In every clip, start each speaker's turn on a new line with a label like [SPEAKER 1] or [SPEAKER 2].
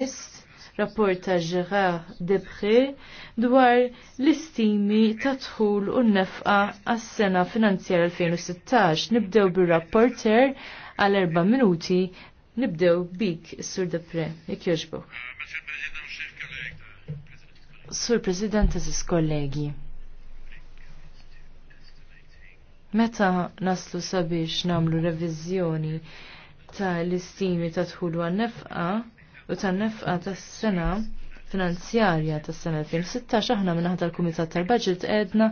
[SPEAKER 1] Is rapport ta' Gerard Debré dwar l-istimi ta' tħul u nefqa għas sena finanzjar 2016. Nibdew bir-rapporter għal erba minuti, nibdew bik Sur Debré. Jek joġbu. Sur President, aziz kollegi. Meta naslu sabiex namlu revizjoni ta' l-istimi ta' tħul u nefqa, u tan-nefqa tas-sena finanzjarja tas sena 2016 aħna minnaħat tal-Kumitat tal-Budget edna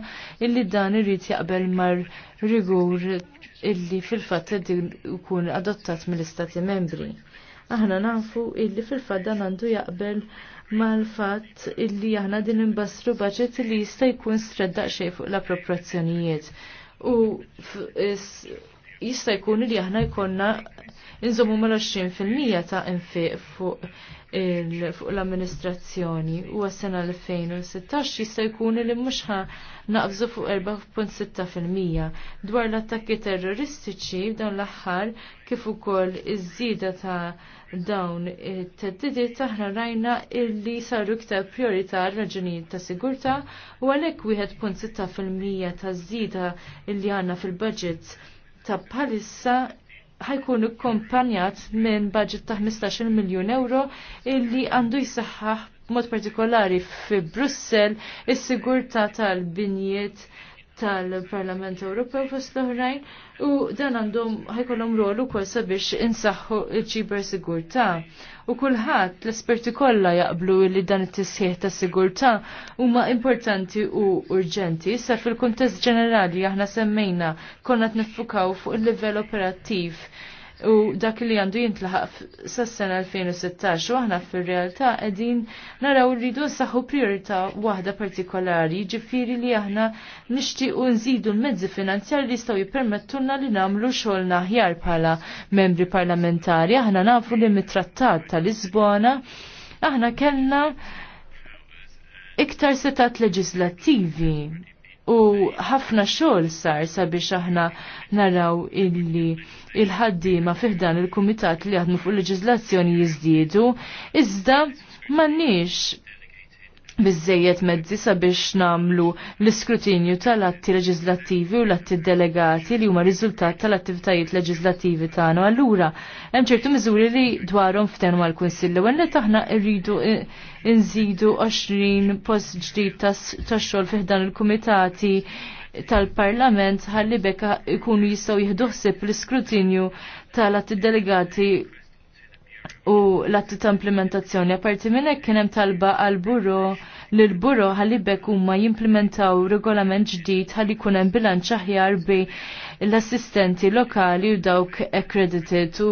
[SPEAKER 1] illi dan irid jaqbel mar rigur illi fil-fatt ikun adottat mill-Istati membri. Aħna nafu illi fil-fatt dan għandu jaqbel mal-fatt illi aħna din imbastru budget illi jista' jkun streddaq xejn fuq l-appropriazzjonijiet. U jista' jkun illi aħna jkollna inżommu mal-20% ta' infiq fuq fuq l-amministrazzjoni u għas-sena 2016 jista' jkun li mhux naqbżu fuq 4.6% dwar l-attakki terroristiċi dawn l-aħħar kif ukoll iż-żieda ta' dawn it-teddidiet aħna rajna illi saru iktar priorità raġunijiet ta' sigurtà u għalhekk wieħed punt fil-mija ta' żieda illi għandna fil-budget ta' bħalissa ħajkun kompanjat minn budget ta' 15 miljun euro illi għandu jisaxħaħ mod partikolari fi Brussel is-sigurtà tal-binjiet tal-Parlament Ewropew fost l-oħrajn u dan għandhom ħajkollhom rolu ukoll sabiex insaħħu l-ċiber sigurtà. U kulħadd l-esperti kollha jaqblu li dan it tisħieħ ta' sigurtà huma importanti u urġenti. Issa fil-kuntest ġenerali aħna semmejna konna tniffukaw fuq il-livell operattiv u dak li għandu jintlaħaq sas-sena 2016 u aħna fir-realtà qegħdin naraw rridu nsaħħu priorita waħda partikolari, ġifiri li aħna nixtiequ nżidu l-mezzi finanzjari li staw jippermettulna li nagħmlu xolna aħjar bħala membri parlamentari. Aħna nafu li mit-trattat ta' Lisbona aħna kellna iktar setat leġislattivi u ħafna xogħol sar sabiex aħna naraw illi il-ħaddima fiħdan il-kumitat li jaħdmu fuq leġiżlazzjoni jiżdiedu, iżda m'għandniex bizzejiet mezzi sabiex namlu l-iskrutinju tal-atti leġislattivi u l-atti delegati li huma riżultat tal-attivitajiet leġislattivi tagħna. Allura, hemm ċertu miżuri li dwarhom f'tenu għal kunsilli u għandna taħna rridu nżidu 20 post ġdid tax-xogħol fih dan il-kumitati tal-Parlament ħalli beka ikunu jistgħu jihduħsib l-iskrutinju tal-atti delegati u l-atti ta' implementazzjoni. Aparti minn hekk kien hemm talba għal buro l buro ħalli bekk huma jimplementaw regolament ġdid ħalli jkun hemm bilanċ aħjar bi l-assistenti lokali u dawk accredited u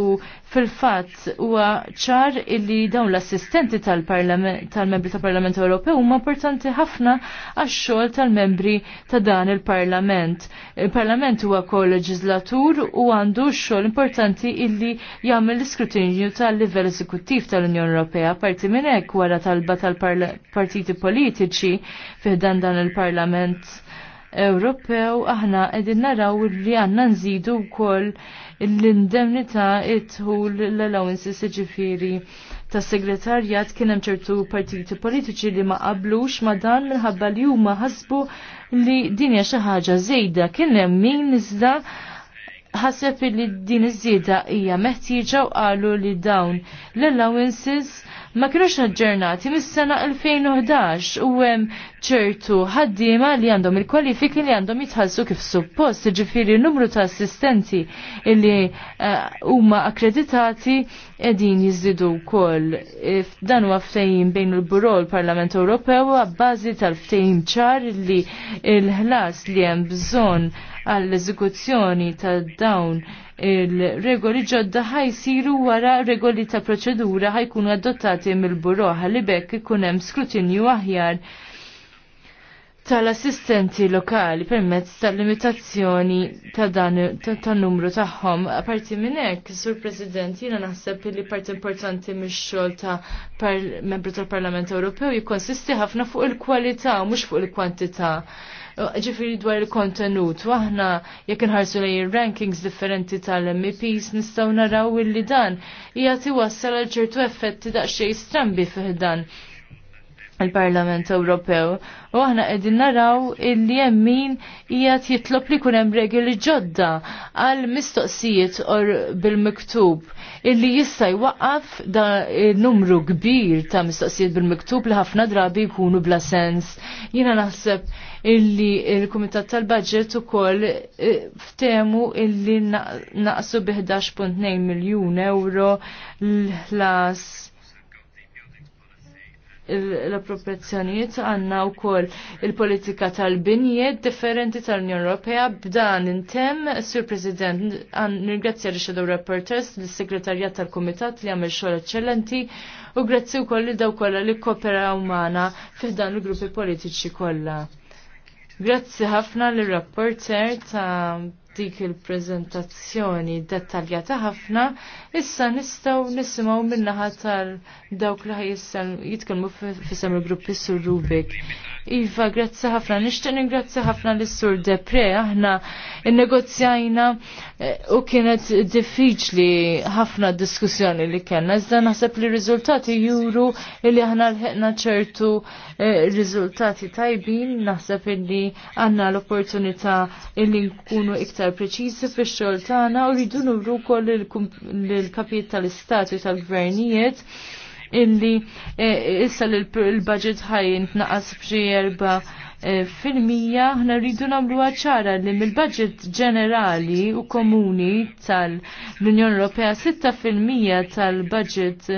[SPEAKER 1] fil-fatt huwa ċar illi dawn l-assistenti tal-membri tal tal-Parlament Ewropew huma importanti ħafna għax-xogħol tal-membri ta' dan il-Parlament. Il-Parlament huwa kol-leġislatur u għandu xogħol importanti illi jagħmel l-iskrutinju tal-livell eżekuttiv tal-Unjoni Ewropea. Parti minn hekk wara talba tal-partiti politiċi fiħdan dan il-Parlament Ewropew aħna qegħdin naraw li għandna nżidu wkoll l-indemnità it-tħul l-allowances ġifieri tas segretarjat kien hemm ċertu partiti politiċi li ma qablux ma dan minħabba li huma ħasbu li din hija xi ħaġa żejda kien hemm min iżda ħaseb li din iż-żieda hija meħtieġa u qalu li dawn l-allowances ma kienux aġġernati mis-sena 2011 u hemm ċertu ħaddiema li għandhom il-kwalifiki li għandhom jitħallsu kif suppost, ġifiri numru ta' assistenti li eh, huma uh, akkreditati qegħdin jiżdidu wkoll. Dan huwa ftehim bejn il-Buro l-Parlament Ewropew għabbażi tal-ftehim ċar li l-ħlas li hemm bżonn għall-eżekuzzjoni ta' dawn il-regoli ġodda ħaj siru wara regoli ta' proċedura ħajkunu adottati mill-buro ħalli bekk ikun hemm skrutinju aħjar tal-assistenti lokali permezz tal-limitazzjoni ta' dan numru tagħhom. parti minn hekk, Sur President, jiena naħseb li parti importanti mix-xogħol ta' membru tal-Parlament Ewropew jikkonsisti ħafna fuq il-kwalità mhux fuq il-kwantità. il kwalità u il kwalità mhux fuq il kwantità ġifiri dwar il-kontenut. Waħna jekk inħarsu lej rankings differenti tal-MPs nistgħu naraw illi dan hija tiwassal għal ċertu effetti daqsxejn strambi fih dan il-Parlament Ewropew. U aħna qegħdin naraw illi hemm min qiegħed jitlob li jkun hemm regoli ġodda għal mistoqsijiet or bil-miktub illi jista' jwaqqaf da numru kbir ta' mistoqsijiet bil-miktub li ħafna drabi jkunu bla sens. Jiena naħseb illi il-Kumitat tal-Budget ukoll eh, ftemu illi naqsu bi 11.2 miljun euro l-ħlas l-appropriazzjonijiet għanna u koll il-politika tal-binjiet differenti tal-Unjon Ewropea b'dan intem, Sir President, nirgrazzja li xedaw reporters, l-segretarjat tal-Komitat li għamil xogħol eccellenti u grazzi u koll li daw kolla li kopera umana fil-dan l-gruppi politiċi kolla. Grazzi ħafna l-rapporter ta' dik il-prezentazzjoni dettaljata ħafna, issa nistaw nisimaw minnaħa tal-dawk li ħajissal jitkellmu fissam il-gruppi sur Rubik. Iva, grazzi ħafna, nishtiq ningrazzi ħafna l-sur Depre, aħna negozjajna eh, u kienet diffiċli ħafna diskussjoni li kena, iżda naħseb li riżultati juru li aħna l-ħekna ċertu eh, riżultati tajbin, naħseb li għanna l-opportunità li nkunu iktar iktar preċiżi fix-xogħol tagħna u rridu nuru wkoll lill-kapijiet tal-istat u tal-gvernijiet illi eh, issa l-budget ħajn tnaqas b'xi erba' eh, fil-mija ħna rridu nagħmlu ċara li mill-budget ġenerali u komuni tal-Unjoni Ewropea 6% tal-budget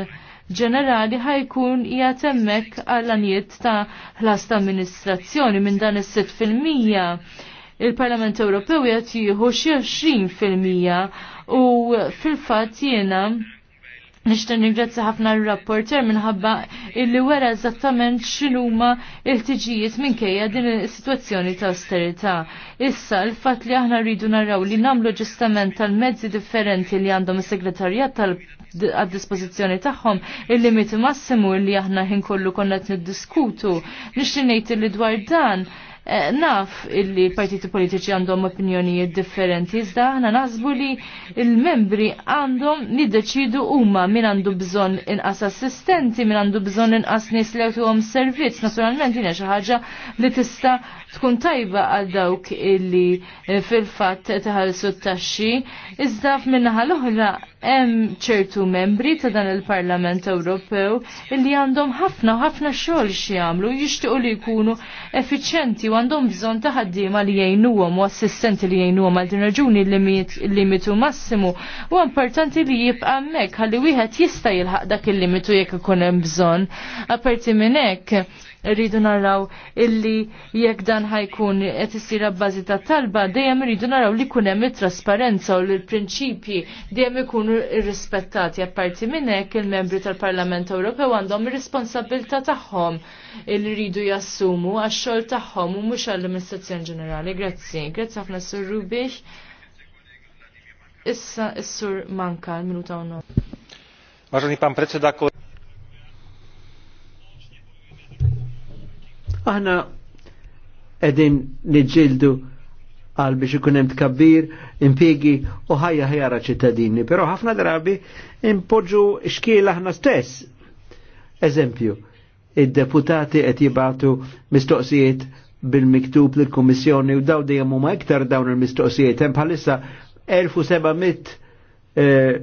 [SPEAKER 1] ġenerali ħajkun hija temmek għall-anijiet ta' l-asta amministrazzjoni minn dan is sit fil-mija il-Parlament Ewropew qed jieħu xi 20% u fil-fatt jiena Nishtan ringrazzja ħafna r-rapporter minħabba illi wera eżattament x'inhuma l tiġijiet minkejja din is-sitwazzjoni ta' austerità. Issa l-fatt li aħna rridu naraw li nagħmlu ġustament tal-mezzi differenti li għandhom is-segretarjat tal għad dispożizzjoni tagħhom il-limiti massimu li aħna ħin kollu konna qed niddiskutu. Nixtieq ngħid li dwar dan Eh, naf illi partiti politiċi għandhom opinjonijiet differenti, iżda aħna nazbu li l-membri għandhom niddeċidu huma min għandu bżonn inqas assistenti, min għandu bżonn inqas nies li għom servizz. Naturalment hija xi ħaġa li tista' tkun tajba għal dawk illi eh, fil-fatt tħallsu t-taxxi, iżda f'minnaħa l-oħra hemm ċertu membri ta' dan il-Parlament Ewropew illi għandhom ħafna ħafna xogħol xi jagħmlu jixtiequ li jkunu effiċjenti għandhom bżon ta' ħaddiema li jgħinuhom u assistenti li jgħinuhom għal din raġuni l-limitu massimu u importanti li jibqa' hemmhekk ħalli wieħed jista' jilħaq dak il-limitu jekk ikun hemm bżonn. Aparti minn hekk rridu naraw illi jekk dan ħajkun qed isir abbażi ta' talba dejjem rridu naraw li kun hemm it-trasparenza u l-prinċipji dejjem ikunu rrispettati apparti minn hekk il-membri tal-Parlament Ewropew għandhom ir-responsabilità tagħhom illi rridu jassumu għax-xogħol tagħhom u mhux għall-Amministrazzjoni Ġenerali. Grazzi, grazzi ħafna Sur Rubix. Issa s-sur manka l-minuta u Vážený pán predseda, Aħna
[SPEAKER 2] edin niġildu għal biex ikun hemm tkabbir, impiegi u ħajja ħjara ċittadini, però ħafna drabi impoġġu xkiel aħna stess. Eżempju, id-deputati qed jibatu mistoqsijiet bil-miktub lill kummissjoni u daw dejjem huma iktar dawn il-mistoqsijiet hemm bħalissa 1700 eh,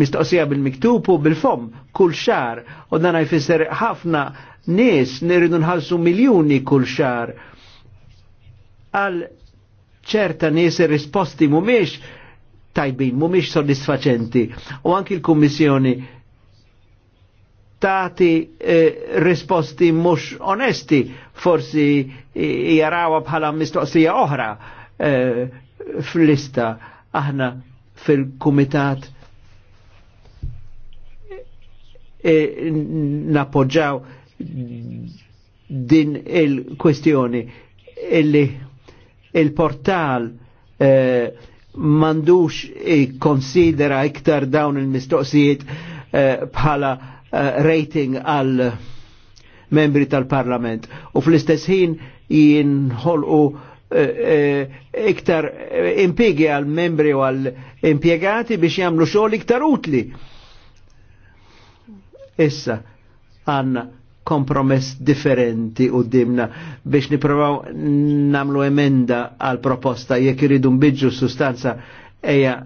[SPEAKER 2] mistoqsija bil-miktub u bil-fom kull xar u dan jfisser ħafna nies nirridu nħalsu miljuni kull xar għal ċerta nies risposti mhumiex tajbin, mhumiex soddisfaċenti. U anki l-Kummissjoni tati eh, risposti mhux onesti, forsi jarawa bħala mistoqsija oħra eh, fl-lista aħna fil-Kumitat eh, napoġġaw din il-kwestjoni illi il-portal eh, mandux konsidera iktar dawn il-mistoqsijiet eh, bħala eh, rating għal membri tal-parlament u fl-istess ħin jinħolqu eh, eh, iktar impiegi għal membri u għal impiegati biex jagħmlu xogħol iktar utli. Issa għanna kompromess differenti u dimna biex niprovaw namlu emenda għal proposta jekk iridu nbidġu sustanza eja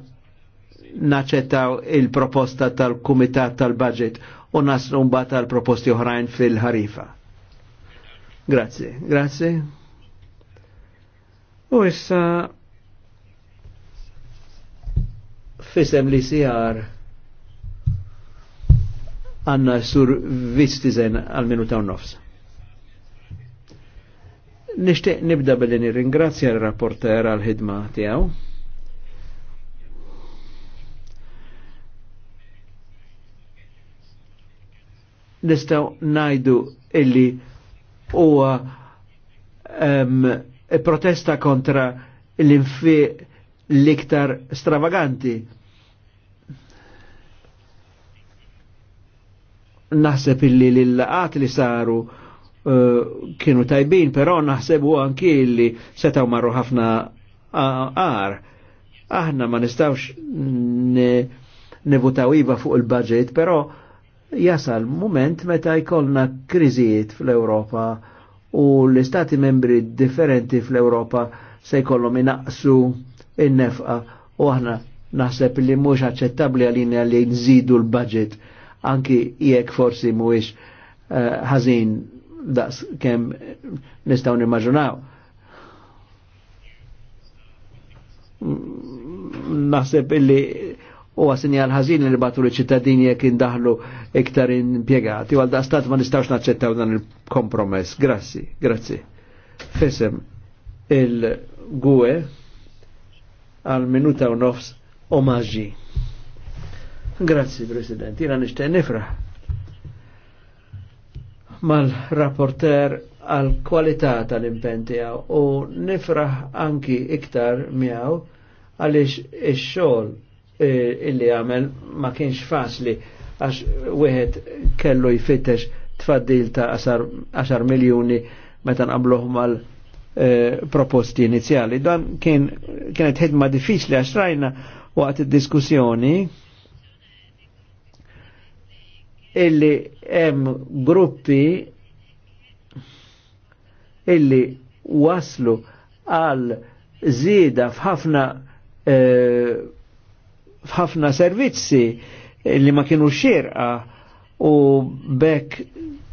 [SPEAKER 2] naċċettaw il-proposta tal-Kumitat tal-Budget u naslu mbagħad tal-proposti oħrajn fil-ħarifa. Grazzi, grazzi. U issa fisem li sijar għanna sur vistizen għal-minuta u nofs. Nishtiq nibda billi nirringrazzja l-rapporter għal-ħidma tiegħu. Nistaw najdu illi huwa um, protesta kontra l-infi l-iktar stravaganti naħseb illi l-laqat li saru uh, kienu tajbin, però u anki illi setaw marru ħafna għar. Aħna ma nistawx nevutaw iva fuq il-budget, però jasal moment meta jkollna kriżijiet fl-Europa u l-istati membri differenti fl-Europa se jkollhom inaqsu in-nefqa u aħna naħseb li mhux aċċettabbli għalina li nżidu l-budget anki jek forsi mhuwiex eh, ħażin uh, daqs kem nistgħu nimmaġunaw. Naħseb illi huwa sinjal ħazin li batu li ċittadini jek indahlu iktar u għal daqstat ma nistgħux naċċettaw dan il-kompromess. Grazzi, grazzi. Fisem il-gwe għal minuta u nofs omaġi. Grazzi, President. Jina nishtaj nifraħ mal-rapporter għal kwalità tal-impen u nifraħ anki iktar miegħu għaliex ix-xogħol eh, illi għamel ma kienx faċli għax wieħed kellu jfittex tfaddil ta' 10 miljuni meta nqabluh mal eh, proposti inizjali. Dan kien kienet ħidma diffiċli għax rajna waqt id-diskussjoni illi hemm gruppi illi waslu għal zida f'ħafna e, f'ħafna servizzi li ma kienu xirqa u bekk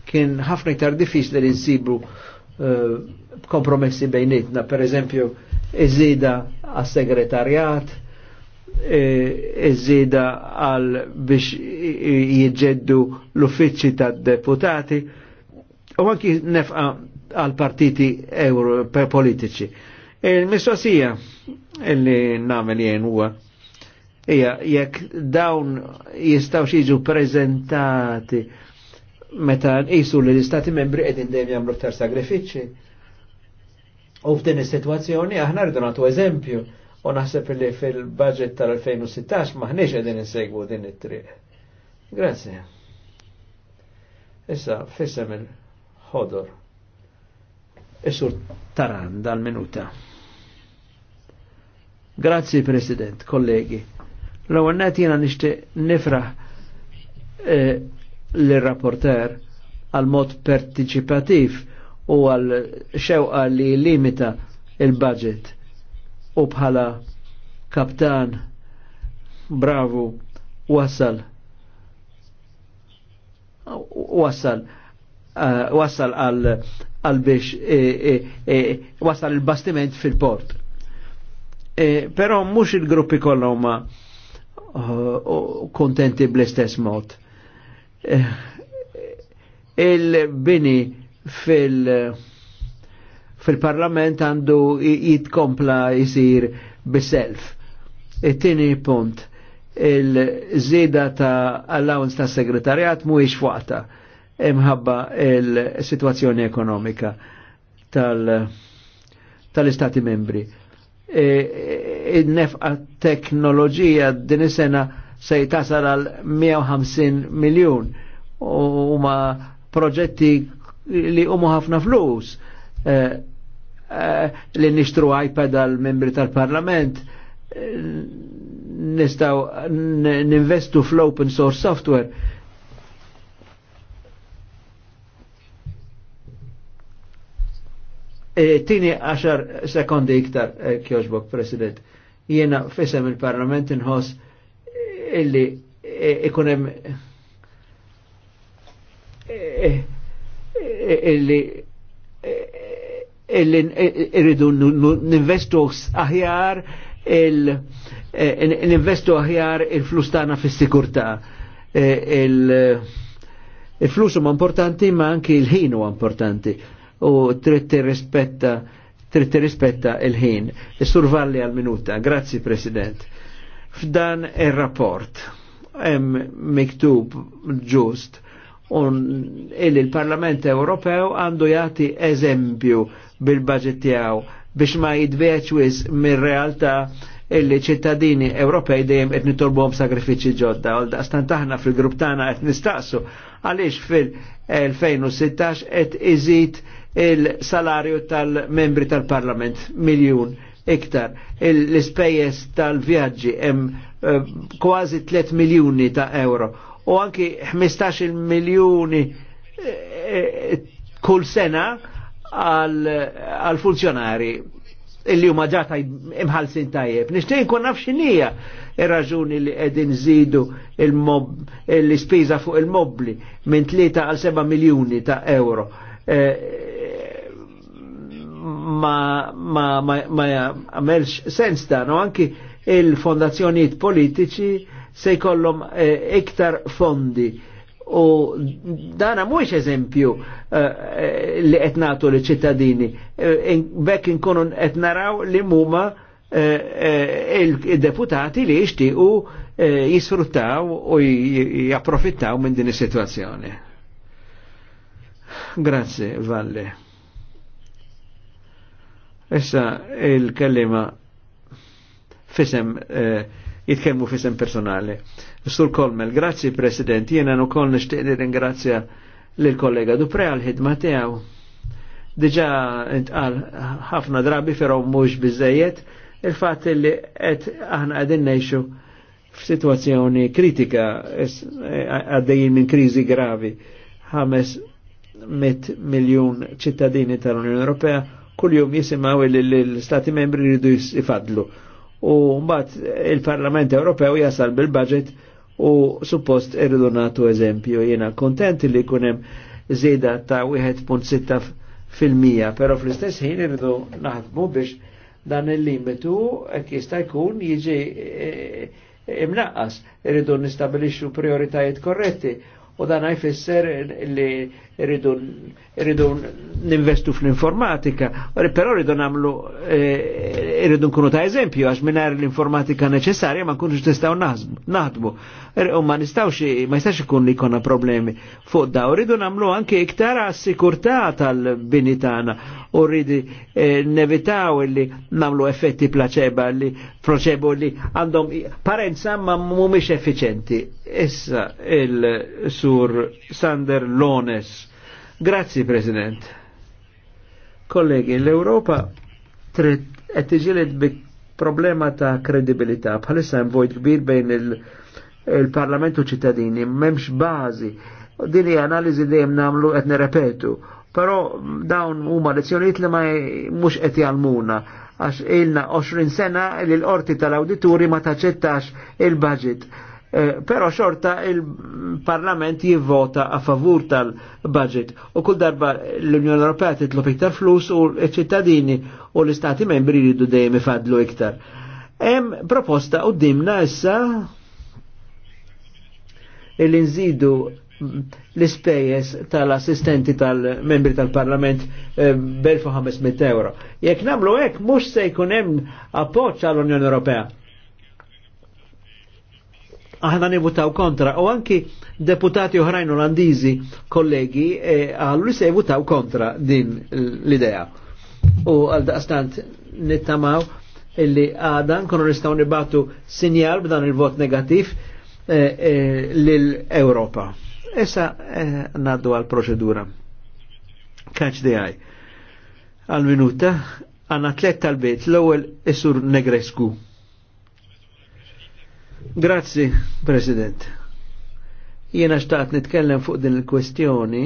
[SPEAKER 2] kien ħafna iktar diffiċli li nsibu eh, kompromessi bejnietna, per eżempju, iż-żida għas-segretarjat, E, iż-żieda għal biex jieġeddu l-uffiċċji tad-deputati u anki nefqa għal partiti politiċi. Il-mistoqsija li nagħmel jien huwa hija jekk dawn jistgħu jiġu preżentati meta nqisu li l-istati membri qegħdin dejjem jagħmlu ktar sagrifiċċji. U f'din is-sitwazzjoni aħna rridu nagħtu eżempju U naħseb li fil-budget tal-2016 maħniex qegħdin insegwu din it-triq. Grazie. Issa, fissem il-ħodor. Isur taran dal-minuta. Grazzi, President, kollegi. L-għannet jena nishti nifra eh, l-rapporter għal-mod participativ u għal-xewqa li limita il-budget u bħala kaptan bravu wasal wasal eh, wasal għal għal biex eh, eh, wasal il-bastiment fil-port. Però mux il-gruppi kollha kontenti bl-istess mod. Il-bini fil- fil-parlament għandu jitkompla jisir biself. It-tini punt, il żida ta' allowance ta' segretarjat mhuwiex fuqta imħabba il-situazzjoni ekonomika tal-istati tal membri. Il-nefqa e, e, teknoloġija din sena se jtasal għal 150 miljon u ma proġetti li umu ħafna flus. E, Eh, li nixtru iPad għal membri tal-parlament eh, nistaw ninvestu fl-open source software eh, tini għaxar sekondi iktar e, kjoġbok, President. Jena fisem il-Parlament nħos illi ikunem illi illi irridu ninvestu aħjar il-investu eh, aħjar il-flus tagħna fis-sikurtà. Eh, eh, il-flus huma importanti ma anki il ħin huwa importanti u trid tirrispetta trid tirrispetta il-ħin. E survalli għal-minuta. Grazzi President. F'dan ir-rapport hemm miktub ġust un il-Parlament Ewropew għandu jagħti eżempju bil-budget tiegħu biex ma jidveċwis mir-realtà illi ċittadini Ewropej dejjem qed nitolbuhom sagrifiċċji ġodda. Għal daqstant aħna fil-grupp tagħna qed nistaqsu għaliex fil-2016 qed iżid il-salarju tal-membri tal-Parlament miljun iktar. L-ispejjeż tal-vjaġġi hemm eh, kważi 3 miljuni ta' euro u anki 15 miljuni eh, eh, kull sena għal funzjonari illi huma ġata imħalsin tajjeb. Nixtieq nkun naf x'inhija ir-raġuni li qegħdin żidu l-ispiża fuq il-mobli minn 3 għal 7 miljuni ta' euro. Eh, ma ma ma għamelx sens dan u anki il-fondazzjonijiet politiċi se jkollhom eh, iktar fondi U dana mux eżempju eh, eh, li etnatu eh, li ċittadini. Bekk inkunun etnaraw li muma il-deputati li jishtiqu jisfruttaw u japprofittaw minn din is-sitwazzjoni. Grazie, Valle. Issa il-kellima fisem eh, jitkemmu fisem personali. Sur Kolmel, grazzi President, jena nu kol nishtiq ringrazzja l-kollega Dupre għal-ħidma tiegħu. Diġa intqal ħafna drabi ferro mhux biżejjed il-fatt li qed aħna qegħdin ngħixu f'sitwazzjoni kritika għaddejjin minn kriżi gravi. Ħames mit miljun ċittadini tal-Unjoni Ewropea kuljum jisimaw li l-Stati membri rridu jifadlu u mbagħad il-Parlament Ewropew jasal bil-budget u suppost irridu nagħtu eżempju jiena kontent li jkun hemm żieda ta' 1.6 fil-mija, però fl-istess ħin irridu naħdmu biex dan il-limitu jekk jista' jkun jiġi e, e, imnaqqas, irridu nistabilixxu prioritajiet korretti u dan jfisser li rridu ninvestu fl-informatika, però rridu namlu eh, rridu nkunu ta' eżempju għax minar l-informatika neċessarja ma nkunux nistaw naħdbu. U ma nistawx, ma jistax ikun li konna problemi fuq da, u rridu namlu anke iktar sikurtà tal binitana u rridi eh, nevitaw li namlu effetti placebo li placebo li għandhom parenza ma mumiex effiċenti. Issa il-sur Sander Lones Grazzi, President. Kollegi, l-Europa trid qed tiġilet bi problema ta' kredibilità bħalissa hemm vojt kbir bejn il-Parlament il u ċittadini, m'hemmx bażi. Din hija analiżi dejjem nagħmlu qed nirrepetu. Però dawn huma lezzjonijiet li ma mhux qed jalmuna għax ilna 20 sena l orti tal-awdituri ma taċċettax il-budget Eh, Pero xorta il-Parlament jivvota a favur tal-budget u kull darba l-Unjoni Ewropea titlob iktar flus u l-ċittadini u l-Istati membri jridu dejjem ifadlu iktar. Hemm proposta qudiemna issa illi nżidu l-ispejjeż tal-assistenti tal-membri tal-Parlament eh, b'1500 euro. Jekk nagħmlu hekk mhux se jkun hemm appoġġ għall-Unjoni Ewropea aħna nivutaw kontra u anki deputati oħrajn olandizi kollegi e, għallu li se jivutaw kontra din l-idea. U għal daqstant nittamaw illi għadan konu nistaw nibatu sinjal b'dan il-vot negativ e, e, l-Europa. Issa naddu għal proċedura. Kaċ di għaj. Għal minuta għanna tlet tal-bit l-ewel isur negresku. Grazzi, President. Jiena xtaqt nitkellem fuq din il-kwestjoni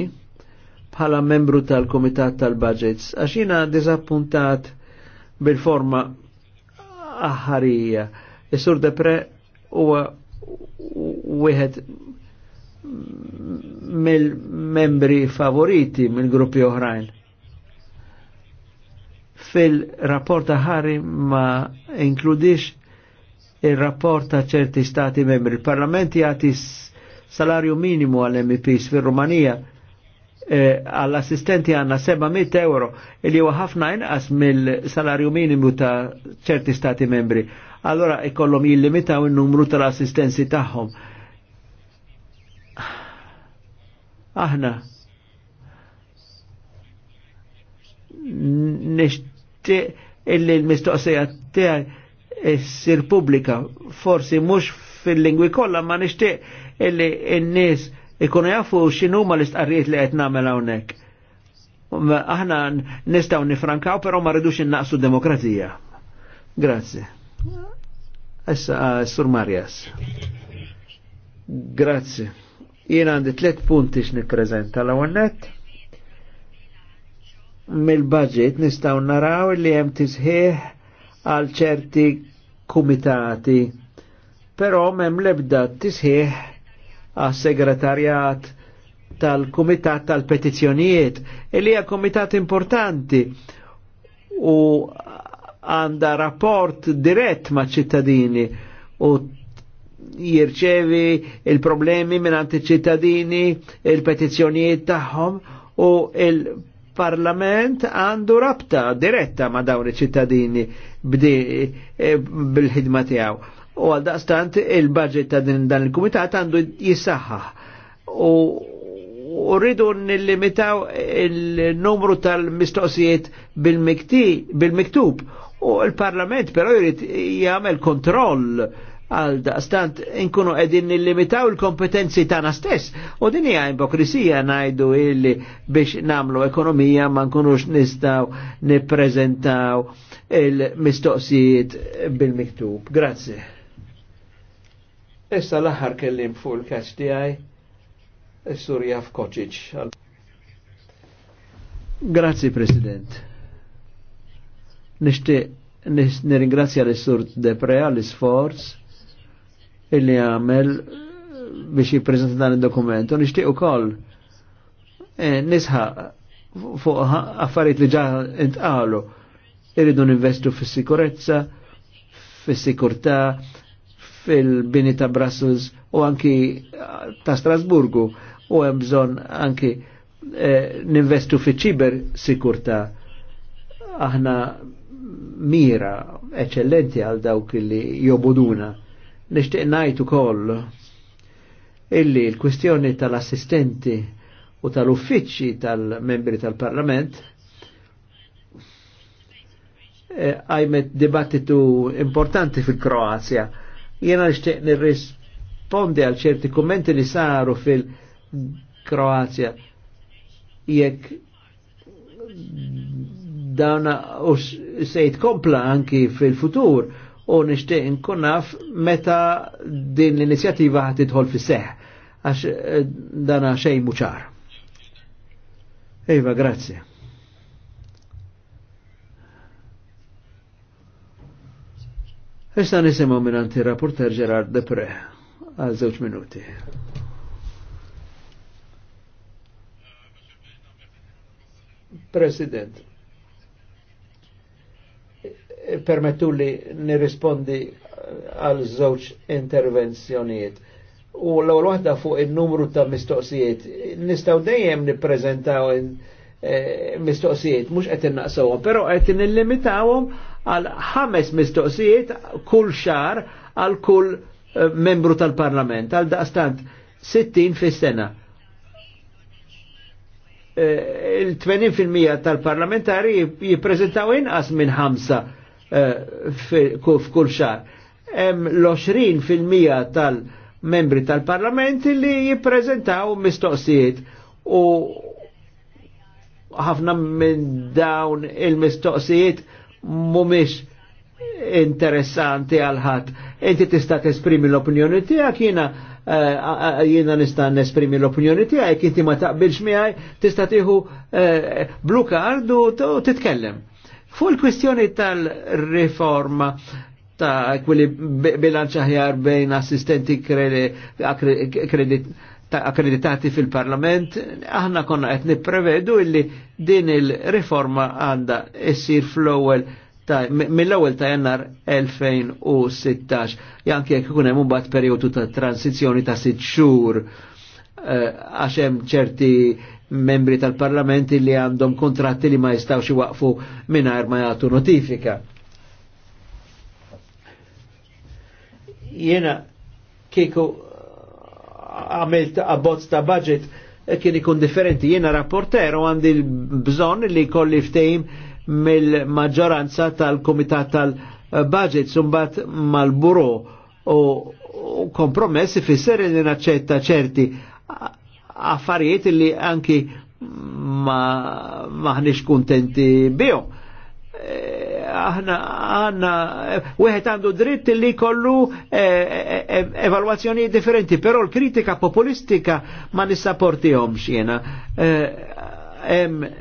[SPEAKER 2] bħala membru tal-Komitat tal-Budgets, għax jiena dizappuntat bil-forma aħħarija. Is-Sur Depre huwa wieħed mill-membri favoriti mill-gruppi oħrajn. Fil-rapport aħari ma inkludix il-rapport ta' ċerti stati membri. Il-parlament jgħati salarju minimu għall-MPs fir-Rumanija eh, għall-assistenti għanna 700 euro il huwa ħafna inqas mill-salarju minimu ta' ċerti stati membri. Allora ikollhom jillimitaw in-numru tal-assistenzi tagħhom. Aħna nixtieq illi l-mistoqsija tiegħi issir pubblika, forsi mhux fil-lingwi kollha ma nixtieq illi n-nies ikunu jafu x'inhuma l-istqarrijiet li qed nagħmel hawnhekk. Aħna nistgħu nifrankaw però ma rridux innaqsu demokrazija. Grazzi. Issa ah, Sur Marjas. Grazzi. Jien għandi tliet punti x x'nippreżenta la għonnet mill-budget nistaw naraw li hemm tisħieħ għal ċerti kumitati, però mem lebda tisħieħ għas segretarjat tal-Kumitat tal-Petizzjonijiet, e li hija kumitat importanti u għanda rapport dirett ma' ċittadini u jirċevi il-problemi minn ċittadini, il-petizzjonijiet tagħhom u il il-Parlament għandu rabta diretta ma' dawn iċ-ċittadini e, bil-ħidma tiegħu. U għal daqstant il-budget ta' din dan il-Kumitat għandu jisaħħaħ. U rridu nillimitaw il-numru tal-mistoqsijiet bil-miktub. U l-Parlament però jrid jagħmel kontroll għal stant inkunu edin nillimitaw il-kompetenzi tana stess. U din hija ipokrisija najdu illi biex namlu ekonomija ma nkunux nistaw nippreżentaw il-mistoqsijiet bil-miktub. Grazzi. Issa l-aħħar kellim fuq il-kaċ tiegħi is-Surja f'Koċiċ. Grazzi President. Nixtieq nirringrazzja l-Sur Deprea l-isforz illi għamel biex jiprezenta dan il-dokument. U nixtieq ukoll e, eh, nisħa fuq affarijiet li ġa intqalu irridu ninvestu fis-sikurezza, fis-sikurtà, fil-bini ta' Brussels u anki eh, ta' Strasburgu u hemm anki eh, ninvestu fi ċiber sikurta Aħna mira eccellenti għal dawk li joboduna Nishtiq najtu koll illi l-kwistjoni tal-assistenti u tal uffiċi tal-membri tal-parlament e, għajmet dibattitu importanti fil-Kroazja. Jena nishtiq nirrispondi għal ċerti kommenti li saru fil-Kroazja jekk dawna u sejt kompla anki fil-futur u nishtiq nkun naf meta din l-inizjattiva ħad tidħol fis seħ għax eh, dana xej muċar. Iva, grazie. Issa nisimaw minn anti-rapporter Gerard Depre għal żewġ minuti. President, permettu li nirrispondi għal żewġ intervenzjonijiet. U l-ewwel waħda fuq in-numru ta' mistoqsijiet, nistgħu dejjem nippreżentaw eh, mistoqsijiet, mhux qed innaqsawhom, però qed nillimitawhom għal ħames mistoqsijiet kull xar għal kull eh, membru tal-Parlament, għal daqstant 60 fis-sena. Eh, il 20 tal-parlamentari jippreżentaw inqas minn ħamsa Eh, f'kull xar. Hemm l-20 fil-mija tal-membri tal-Parlament li jippreżentaw mistoqsijiet u ħafna minn dawn il-mistoqsijiet mhumiex interessanti għal ħadd. Inti tista' tesprimi l-opinjoni tiegħek jiena eh, jiena nista' nesprimi l-opinjoni tiegħek inti ma taqbilx miegħi tista' tieħu eh, blu card u titkellem. Fuq l kwestjoni tal-riforma ta' quelli bilanċ aħjar bejn assistenti akkreditati fil-parlament, aħna konna qed nipprevedu illi din il-riforma għandha issir fl-ewwel mill-ewwel ta' jannar 2016, janki jekk ikun hemm imbagħad perjodu ta' transizzjoni ta' sitt xhur Eh, għaxem ċerti membri tal-parlamenti li għandhom kontratti li ma jistawx waqfu mingħajr ma jagħtu notifika. Jena kieku għamilt abbozz ta' budget eh, kien ikun differenti. Jena rapporter u għandi l-bżon li kolli ftejim mill-maġġoranza tal-komitat tal-budget sumbat mal-buro u kompromessi fisser li naċċetta ċerti affarijiet li anki ma maħniex kontenti bihom. E, aħna għanna wieħed għandu dritt li kollu e, e, e evalwazzjoni differenti, però l-kritika populistika ma nissapportihomx jiena. Hemm e,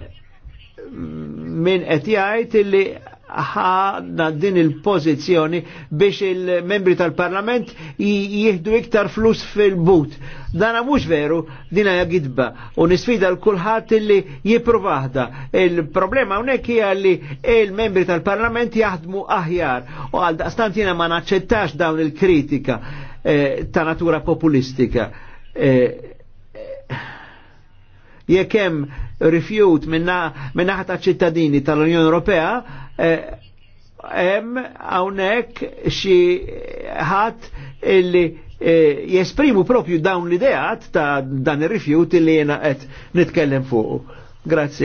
[SPEAKER 2] min qed jgħid li ħadna din il-pozizjoni biex il-membri tal-parlament jihdu iktar flus fil-but. Dana mux veru, dina gidba u nisfida l-kulħat li jiprovahda. Il-problema unek hija li il-membri tal-parlament jaħdmu aħjar u għal daqstantina ma naċċettax dawn il-kritika eh, ta' natura populistika. Eh, eh, jekk hemm rifjut minna minnaħa ta' ċittadini tal-Unjoni Ewropea, hemm eh, hawnhekk xi ħadd illi eh, jesprimu propju dawn l-ideat ta' dan ir-rifjut illi jiena qed nitkellem fuq. Grazzi.